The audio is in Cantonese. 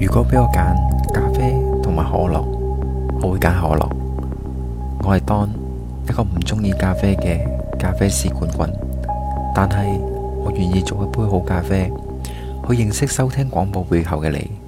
如果畀我揀咖啡同埋可樂，我會揀可樂。我係 Dawn，一個唔鍾意咖啡嘅咖啡師冠軍，但係我願意做一杯好咖啡，去認識收聽廣播背後嘅你。